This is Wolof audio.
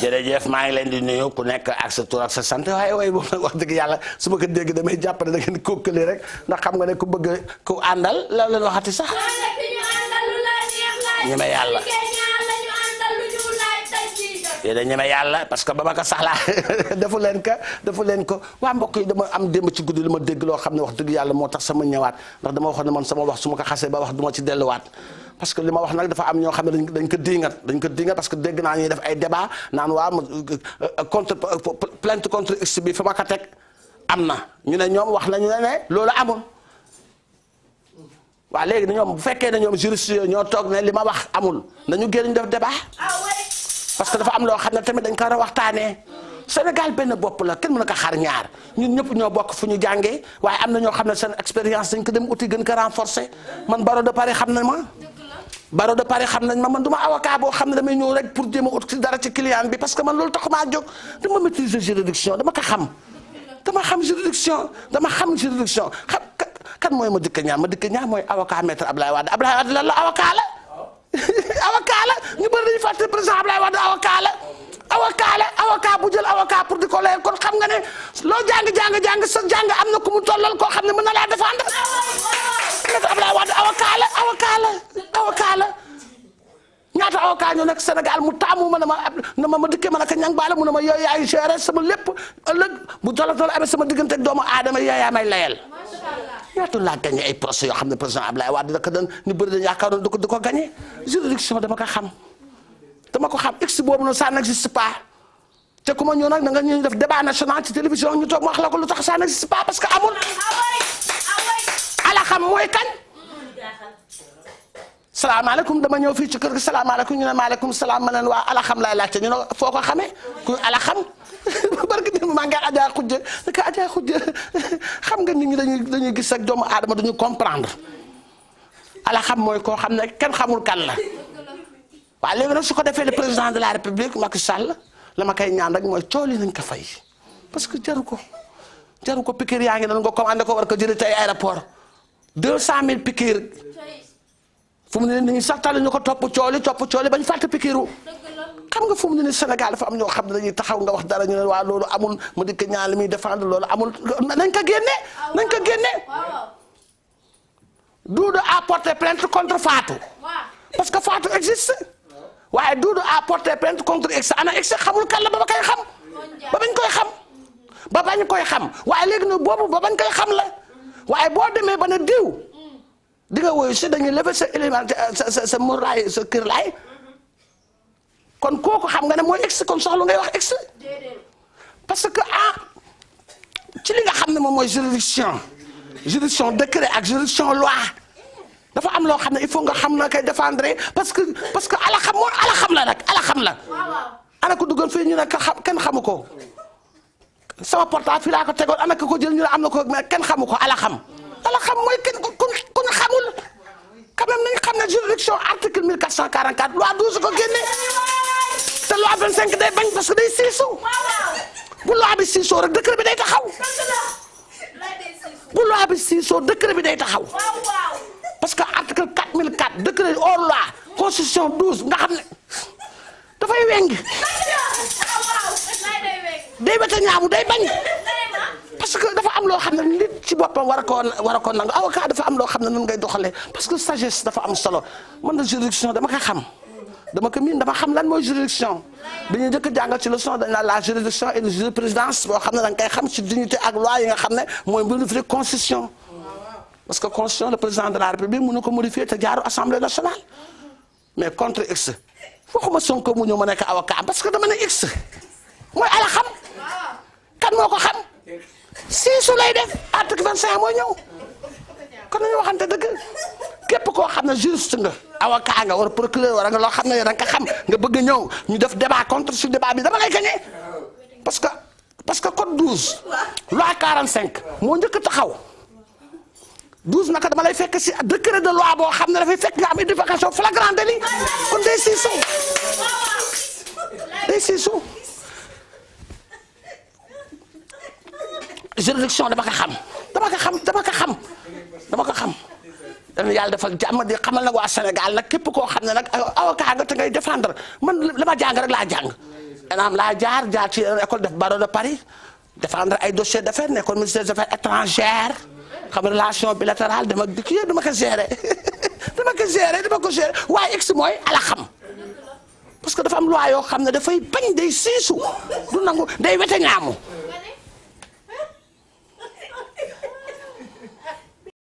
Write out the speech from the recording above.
jërëjëf maa ngi leen di nuyu ku nekk ak sa tur ak sant waaye waaye boobu nag wax dëgg yàlla su ma ko dégg damay jàpp ne da ngeen kókkali rek ndax xam nga ne ku bëgg ku àndal la leen waxati sax ñeme yàlla yéen a ñeme yàlla parce que ba ma saxlaa defu leen ko defu leen ko waa mbokk yi dama am démb ci guddi lu ma dégg loo xam ne wax dëgg yàlla moo tax sama ñëwaat ndax dama waxoon ne man sama wax su ma ko xasee ba wax du ma ci delluwaat parce que li ma wax nag dafa am ñoo xam ne dañ ko diingat dañ ko diingat parce que dégg naa ñuy def ay deba naan waa euh, contre euh, plainte contre x bi fi ma ko teg am na ñu ne ñoom wax nañu ne loolu amul waaw léegi ne bu fekkee ne ñoom juriste li ma wax amul nañu génn ñu def débat parce que dafa loo xam ne tamit dañ ko a waxtaanee Sénégal benn bopp la kenn mën na ko xar ñaar ñun ñëpp ñoo bokk fu ñu jàngee waaye am na ñoo xam ne seen expérience dañ ko dem uti gën ko renforcé man baro de Paris xam na ma baro de pare xam nañ ma man du ma avocat boo xam ne damay ñëw rek pour jéem a ut ci dara ci client bi parce que man loolu tax maa jóg dama maîtriser juridiction dama ko xam dama xam juridiction dama xam juridiction kan mooy ma dikk ñaar ma dikk ñaar mooy avocat maître Ablaye Wade Ablaye Wade lan la avocat la avocat la ñu bëri dañu fàtte président Ablaye Wade avocat la avocat la pour di ko layal xam nga ne loo jàng jàng sa jàng na ku mu koo xam ne mën na laa défendre maître la avocat la ñaata avocat ñoo nekk Sénégal mu taamu ma ne ma na ma ma dikkee ma ne ko ñang mu ne ma yooyu yaay gérer sama lépp ëllëg bu jolo jolo amee sama diggante ak doomu aadama yooyu yaa may layal. ñaata laa gagné ay procès yoo xam ne président Ablaye Wade da ko doon da ko da ko gagné juridiction dama ko xam dama ko xam pas te ku ma ñëw na da nga ñuy def débat national ci télévision ñu toog wax la ko lu tax ça n'existe pas parce que amul ah ah salaamaaleykum dama ñëw fii ci kër gi salaamaaleykum ñu ne maaleykum salaam ma leen waa alaxam laay laajte ñu ne foo ko xamee ku alaxam barki di maa ngi ajaa xujja naka ajaa xujja xam nga nit ñi dañuy dañuy gis ak doomu aadama duñu comprendre alaxam mooy koo xam ne kenn xamul kan la waaw léegi nag su ko defee le président de la république Macky Sall la ma koy ñaan rek mooy cooli nañ ko fay parce que jaru ko jaru ko piqûre yaa ngi nan nga commandé ko war ko jëlee tey aéroport deux cent mille piqûre fu mu ne nii sax tànn ñu ko topp cooli topp cooli bañ fàtte pikiru xam nga fu mu ne Sénégal dafa am ñoo xam ne dañuy taxaw nga wax dara ñu ne waa loolu amul mu dikk ñaar li muy défendre loolu amul nañ ko génne ah, nañ ko génne Doudou a porté plainte contre Fatou parce que Fatou existe waaye Doudou a porté plainte contre ex ana ex xamul kan la ba ba koy xam ba bañ koy xam koy xam waaye léegi nag boobu ba bañ koy xam la mm-hmm. waaye boo demee ba ne diw di nga woyu si dañuy lever sa élément sa sa sa muraay sa kër laay kon kooku xam nga ne mooy ex kon soxlu ngay wax ex parce que ah ci li nga xam ne moom mooy juridiction juridiction décret ak juridiction loi dafa am loo xam ne il faut nga xam na koy défendre parce que parce que ala xam moom ala xam la nag ala ana ko duggoon fii ñu ne ka xam kenn xamu ko sama portable fii laa ko tegoon ana ko ko jël ñu ne am na ko mais kenn xamu ko ala xam. constitution article 1444 loi 12 ko génne te loi 25 day bañ parce que day siisu bu loi bi siisoo rek décret bi day taxaw bu loi bi siisoo décret bi day taxaw parce que article 4004 décret hors loi constitution 12 nga xam ne dafay weng day wete ñaamu day bañ parce que dafa am loo xam ne nit ci a koo a am loo xam ne nun ngay doxalee parce que sagesse dafa am solo man na juridiction dama ko xam dama ko miin dama xam lan mooy juridiction bi ñu njëkk a ci leçon dañ naan la juridiction et la jurisprudence boo xam ne da nga koy xam ci dignité ak loi yi nga xam ne mooy modifier constitution parce que constitution le président de la république mënu ko modifier te jaaru assemblée nationale mais contre x waxuma Sonko mu ñëw ma nekk avocat parce que dama ne x mooy ala xam kan moo ko siisu lay def article 25 mooy ñëw kon nañu waxante dëgg képp koo xam ne juriste nga avocat nga war procureur war nga loo xam ne da nga xam nga bëgg ñëw ñu def débat contre sur débat bi dama lay gagné parce que parce que code 12 loi cinq moo njëkk taxaw 12 naka dama lay fekk si décret de loi boo xam ne dafay fekk nga am identification flagrant délit kon day siisu day siisu. juridiction dama ko xam xam dama ko xam ko xam yàlla dafa jàmm di xamal nag waa nag képp koo xam ne nag avocat nga te man la ma jàng rek laa jàng enaam laa jaar jaar ci école def barreau de Paris défendre ay dossier d'affaires nekkoon ministère des affaires étrangères xam relation bilatérale dama dikk yëpp dama ko géré waaye ex mooy ala parce que dafa am loi yoo xam ne dafay bañ day siisu du nangu day wete ñaamu